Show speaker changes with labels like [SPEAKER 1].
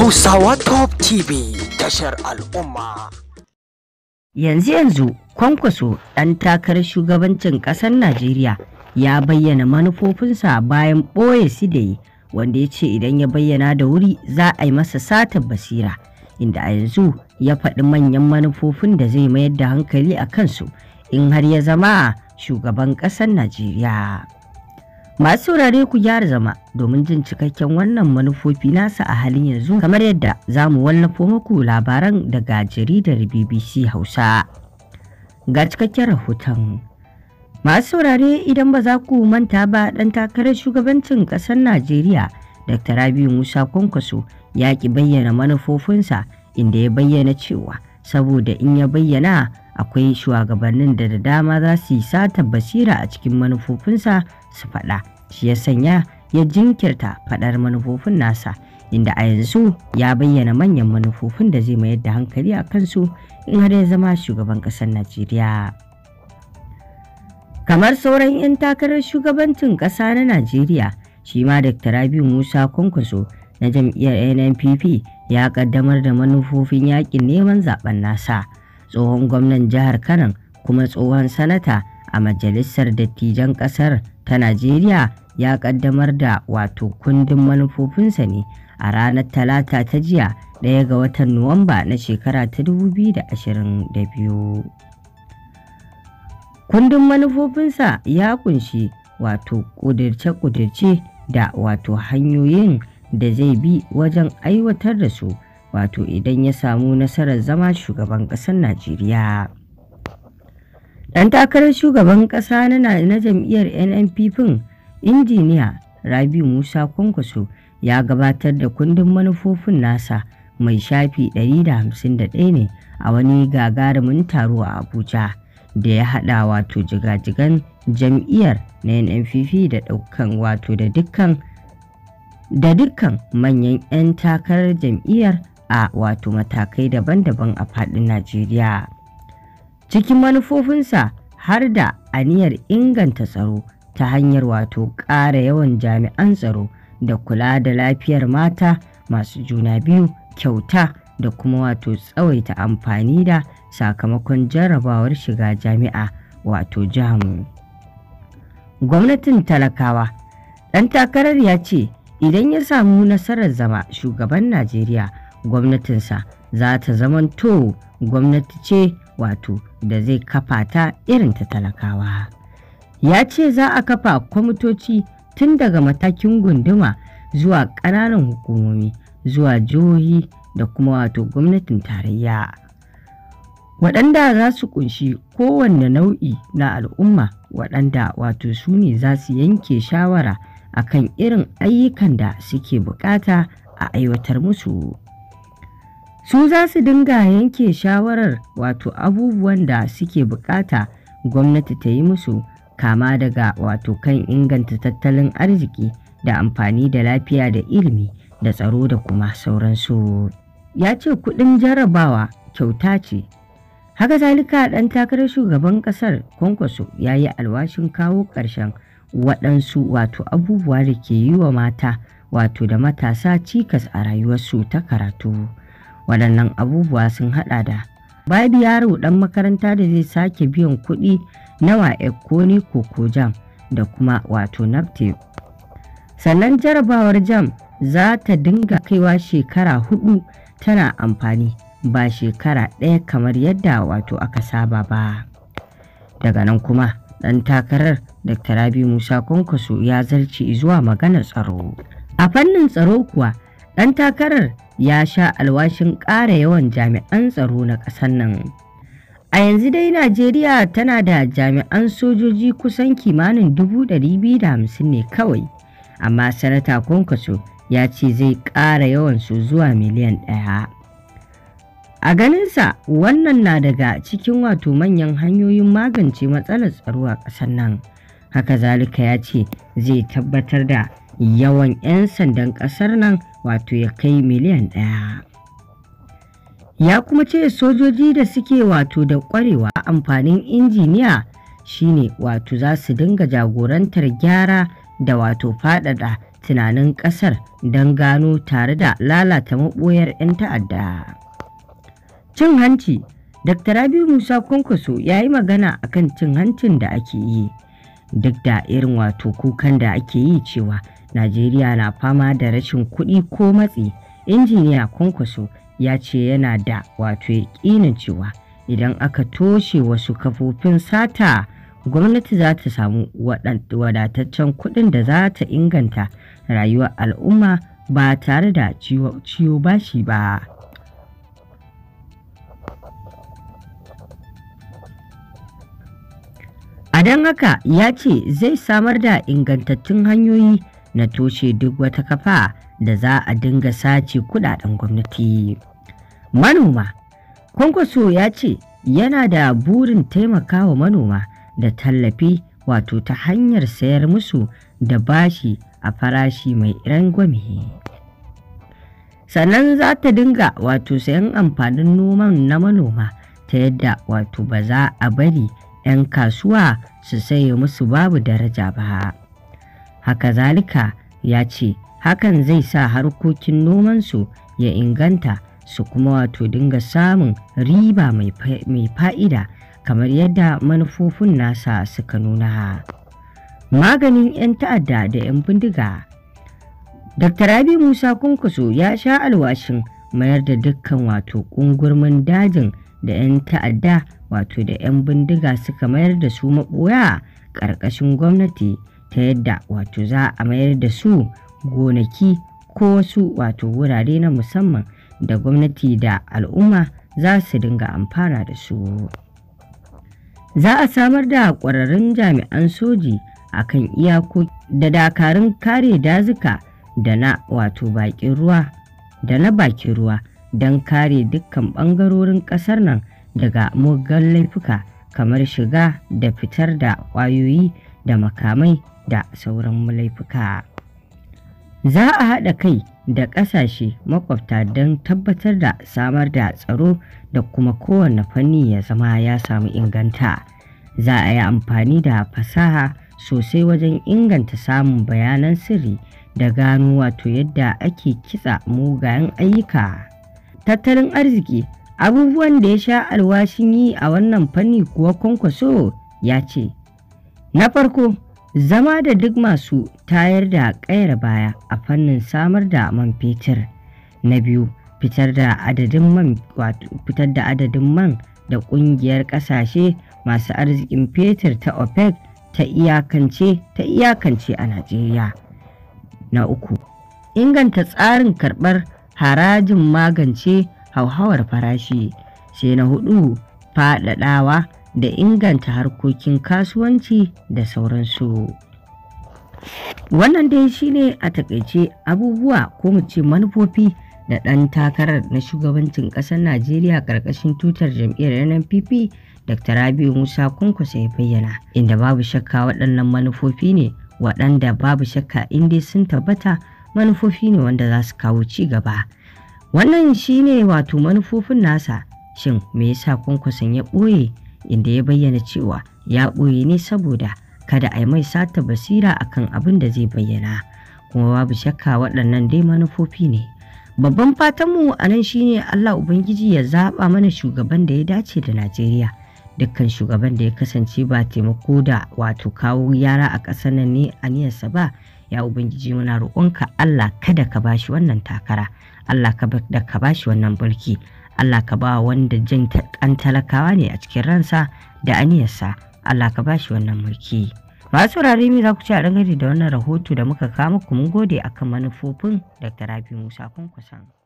[SPEAKER 1] Hausawa Top TV tashar al'umma. Yanzu yanzu kwankwaso ɗan takarar shugabancin ƙasar Najeriya ya bayyana manufofinsa bayan ɓoye su da yi wanda ya ce idan ya bayyana da wuri za a yi masa satar basira inda a yanzu ya faɗi manyan manufofin da zai mayar da hankali a kansu in har ya zama shugaban ƙasar Najeriya. Masu saurare ku gyara zama domin jin cikakken wannan manufofi nasa a halin yanzu kamar yadda za mu wallafo muku labaran daga jaridar BBC Hausa. Ga cikakken rahoton. Masu saurare idan ba za ku manta ba ɗan takarar shugabancin ƙasar Najeriya Dr. Rabiu Musa Kwankwaso ya ki bayyana manufofinsa inda ya bayyana cewa saboda in ya bayyana akwai shugabannin da da dama za su yi sata basira a cikin manufofinsa su faɗa shi ya sanya ya jinkirta faɗar manufofin nasa inda a yanzu ya bayyana manyan manufofin da zai mayar da hankali a kansu in har ya zama shugaban ƙasar najeriya kamar sauran 'yan takarar shugabancin ƙasa na najeriya shi ma dr rabiu musa kwankwaso na jam'iyyar nnpp ya kaddamar da manufofin yakin neman zaben nasa tsohon gwamnan jihar kano kuma tsohon sanata a majalisar dattijan ƙasar ta Najeriya ya kaddamar da wato kundin manufofinsa ne a ranar talata ta jiya ɗaya ga watan Nuwamba na shekara ta 2022. Kundin manufofinsa ya kunshi wato ƙudirce-ƙudirce da wato hanyoyin da zai bi wajen aiwatar da su wato idan ya samu nasarar zama shugaban ƙasar Najeriya. Ɗan takarar shugaban ƙasa na jam'iyyar NNPP injiniya Rabi Musa Kwankwaso ya gabatar da kundin manufofin nasa mai shafi 151 ne a wani gagarumin taro a Abuja da ya haɗa wato jigajigan jam'iyyar na NNPP da ɗaukan wato da dukkan da dukkan manyan 'yan takarar jam'iyyar a wato matakai daban-daban a faɗin Najeriya. cikin manufofinsa har da aniyar inganta tsaro ta hanyar wato ƙara yawan jami'an tsaro da kula da lafiyar mata masu juna biyu kyauta da kuma wato tsawaita amfani da sakamakon jarrabawar shiga jami'a wato jamu. Gwamnatin talakawa ɗan takarar ya ce idan ya samu nasarar zama shugaban Najeriya gwamnatinsa za ta zamanto gwamnati ce wato da zai kafa ta irin ta talakawa. Ya ce za a kafa kwamitoci tun daga matakin gunduma zuwa ƙananan hukumomi zuwa jihohi da kuma wato gwamnatin tarayya. Waɗanda za su kunshi kowanne nau'i na al'umma waɗanda wato su ne za su yanke shawara a kan irin ayyukan da suke bukata a aiwatar musu. su za su dinga yanke shawarar wato abubuwan da suke bukata gwamnati ta yi musu kama daga wato kan inganta tattalin arziki da amfani da lafiya da ilimi da tsaro da kuma sauransu ya ce kudin jarabawa kyauta ce haka zalika dan takarar shugaban kasar kwankwaso ya yi alwashin kawo ƙarshen waɗansu wato abubuwa da ke yi wa mata wato da matasa cikas a rayuwarsu ta karatu waɗannan abubuwa sun haɗa da babu yaro ɗan makaranta da zai sake biyan kuɗi nawa ekoni koko jam da kuma wato nafte sannan jarabawar jam za ta dinga kaiwa shekara hudu tana amfani ba shekara ɗaya kamar yadda wato aka saba ba daga nan kuma ɗan takarar dr rabi musa kwankwaso ya zarce zuwa maganar tsaro a fannin tsaro kuwa ɗan takarar ya sha alwashin ƙara yawan jami'an tsaro na ƙasar nan. A yanzu dai Najeriya tana da jami'an sojoji kusan kimanin 250 ne kawai, amma Sanata Kwankwaso ya ce zai ƙara yawan su zuwa miliyan ɗaya. A ganinsa wannan na daga cikin wato manyan hanyoyin magance matsalar tsaro a ƙasar nan. Haka zalika ya ce zai tabbatar da yawan 'yan sandan ƙasar nan wato ya kai miliyan ɗaya. Ya kuma ce sojoji da suke wato da ƙwarewa amfanin injiniya shine wato za su dinga jagorantar gyara da wato faɗaɗa tunanin ƙasar don gano tare da lalata maɓoyar 'yan ta'adda. Cin hanci Dr. Rabiu Musa Kwankwaso ya yi magana a kan cin hancin da ake yi duk da irin wato kukan da ake yi cewa Najeriya na fama da rashin kuɗi ko matsi. Injiniya Kwankwaso ya ce yana da wato ƙinin cewa idan aka toshe wasu kafofin sata gwamnati za ta samu wadataccen kuɗin da za ta inganta rayuwar al'umma ba tare da ciwo bashi ba. A don haka ya ce zai samar da ingantattun hanyoyi na toshe duk wata kafa da za a dinga sace kudaden gwamnati. Manoma Kwankwaso ya ce yana da burin taimakawa manoma da tallafi wato ta hanyar sayar musu da bashi a farashi mai rangwame. Sannan za ta dinga wato sayan amfanin noman na manoma ta yadda wato ba za a bari 'yan kasuwa su saye musu babu daraja ba. haka zalika ya ce hakan zai sa harkokin nomansu ya inganta su kuma wato dinga samun riba mai fa'ida kamar yadda manufofin nasa suka nuna maganin 'yan ta'adda da 'yan bindiga dr abi musa kunkusu ya sha alwashin mayar da dukkan wato ƙungurmin dajin da 'yan ta'adda wato da 'yan bindiga suka mayar da su maɓoya ƙarƙashin gwamnati ta yadda wato za a mayar da su gonaki ko wasu wato wurare na musamman da gwamnati da al'umma za su dinga amfana da su. Za a samar da ƙwararrun jami'an soji a kan iyakoki da dakarun kare dazuka da na wato bakin ruwa da na bakin ruwa don kare dukkan ɓangarorin ƙasar nan daga mugan laifuka kamar shiga da fitar da ƙwayoyi da makamai da sauran mulaifuka. Za a haɗa kai da ƙasashe makwabta don tabbatar da samar da tsaro da kuma kowane fanni ya zama ya samu inganta. Za a yi amfani da fasaha sosai wajen inganta samun bayanan sirri da gano wato yadda ake kitsa mugayen ayyuka. Tattalin arziki abubuwan da ya sha alwashin yi a wannan fanni kuwa kwankwaso ya ce, Na farko zama da duk masu tayar da ƙayar baya a fannin samar da man fetur na biyu fitar da adadin man fitar da adadin man da kungiyar kasashe masu arzikin fetur ta opec ta iyakance ta iyakance a najeriya na uku inganta tsarin karɓar harajin magance hauhawar farashi sai na hudu faɗaɗawa da inganta harkokin kasuwanci da sauransu. Wannan dai shine a takaice abubuwa ko mu ce manufofi da ɗan takarar na shugabancin ƙasar Najeriya ƙarƙashin tutar jam'iyyar NNPP Dr. Rabiu Musa Kunkusa ya bayyana inda babu shakka waɗannan manufofi ne waɗanda babu shakka dai sun tabbata manufofi ne wanda za su kawo ci gaba. Wannan shine wato manufofin nasa shin me yasa Kunkusan ya ɓoye inda ya bayyana cewa ya ɓoye ne saboda kada a yi mai sata basira a kan abin da zai bayyana kuma babu shakka waɗannan dai manufofi ne babban fatanmu a nan shine allah ubangiji ya zaɓa mana shugaban da ya dace da najeriya dukkan shugaban da ya kasance ba taimako da wato kawo yara a ƙasar nan ne a aniyarsa ba ya ubangiji muna roƙonka allah kada ka bashi wannan takara allah kada ka bashi wannan barki Allah ka ba wanda jin kan talakawa ne a cikin ransa da aniyarsa Allah ka ba shi wannan mulki masu rari mai za ku ci a dangane da wannan rahoto da muka kawo muku mun gode akan manufofin Dr. Rabi Musa kun kusan